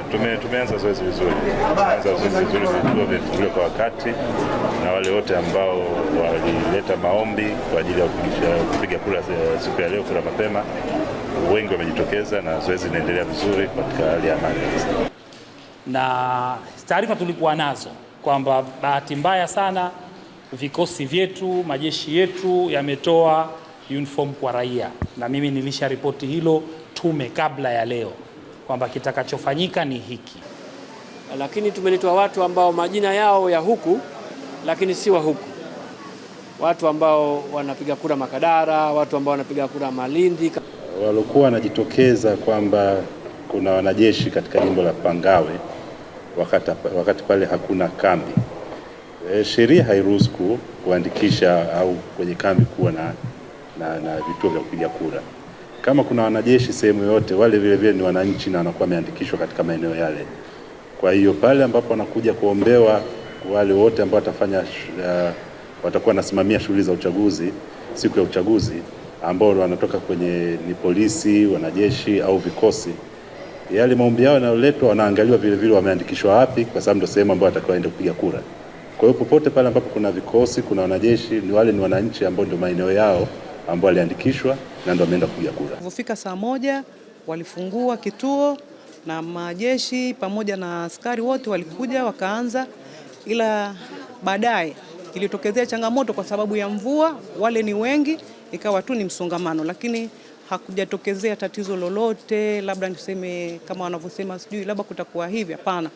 tume, tumeanza zoezi vizuri, tumeanza zoezi vizuri, vituo vimefunguliwa kwa wakati na wale wote ambao walileta maombi kwa ajili ya kupiga kura siku ya leo, kura mapema, wengi wamejitokeza na zoezi linaendelea vizuri katika hali ya amani. Na taarifa tulikuwa nazo kwamba bahati mbaya sana vikosi vyetu, majeshi yetu yametoa uniform kwa raia, na mimi nilisha ripoti hilo tume kabla ya leo kwamba kitakachofanyika ni hiki, lakini tumeletwa watu ambao majina yao ya huku lakini si wa huku, watu ambao wanapiga kura Makadara, watu ambao wanapiga kura Malindi, waliokuwa wanajitokeza kwamba kuna wanajeshi katika jimbo la Pangawe wakati, wakati pale hakuna kambi. E, sheria hairuhusu kuandikisha au kwenye kambi kuwa na, na, na vituo vya kupiga kura. Kama kuna wanajeshi sehemu yote, wale vile vile ni wananchi na wanakuwa wameandikishwa katika maeneo yale. Kwa hiyo pale ambapo wanakuja kuombewa, wale wote ambao watafanya uh, watakuwa wanasimamia shughuli za uchaguzi siku ya uchaguzi, ambao wanatoka kwenye ni polisi, wanajeshi au vikosi, yale maombi yao yanayoletwa, wanaangaliwa vile vile wameandikishwa wapi, kwa sababu ndio sehemu ambayo watakiwa waende kupiga kura. Kwa hiyo popote pale ambapo kuna vikosi, kuna wanajeshi, ni wale ni wananchi ambao ndio maeneo yao ambao waliandikishwa na ndio ameenda kupiga kura. Ilipofika saa moja walifungua kituo na majeshi pamoja na askari wote walikuja wakaanza, ila baadaye ilitokezea changamoto kwa sababu ya mvua, wale ni wengi, ikawa tu ni msongamano, lakini hakujatokezea tatizo lolote, labda niseme kama wanavyosema sijui labda kutakuwa hivi, hapana.